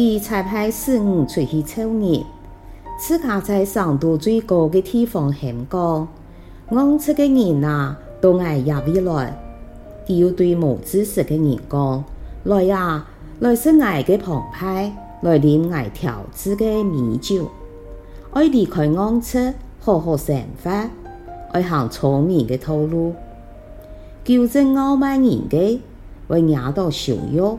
伊才派四五出去秋葉，自家在上都最高的地方很高。昂車個人啊，都愛入一來，要對無知識嘅人講，啊、來呀，來些矮的旁派，來點矮條子嘅米酒。愛離開昂車好好生活，愛行聰明的道路。糾正傲慢人嘅，會挨到羞辱。